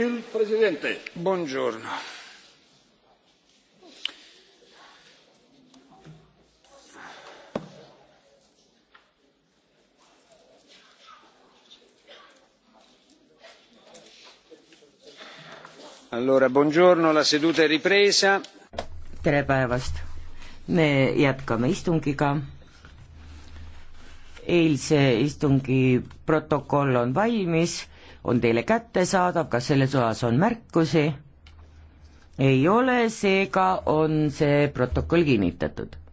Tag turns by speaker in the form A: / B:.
A: il presidente. buongiorno.
B: allora buongiorno la seduta è ripresa.
C: tere päevast. me jätkame istungiga eilse istungi protokoll on valmis, on teile kättesaadav, kas selles osas on märkusi?
D: ei ole, seega on see protokoll kinnitatud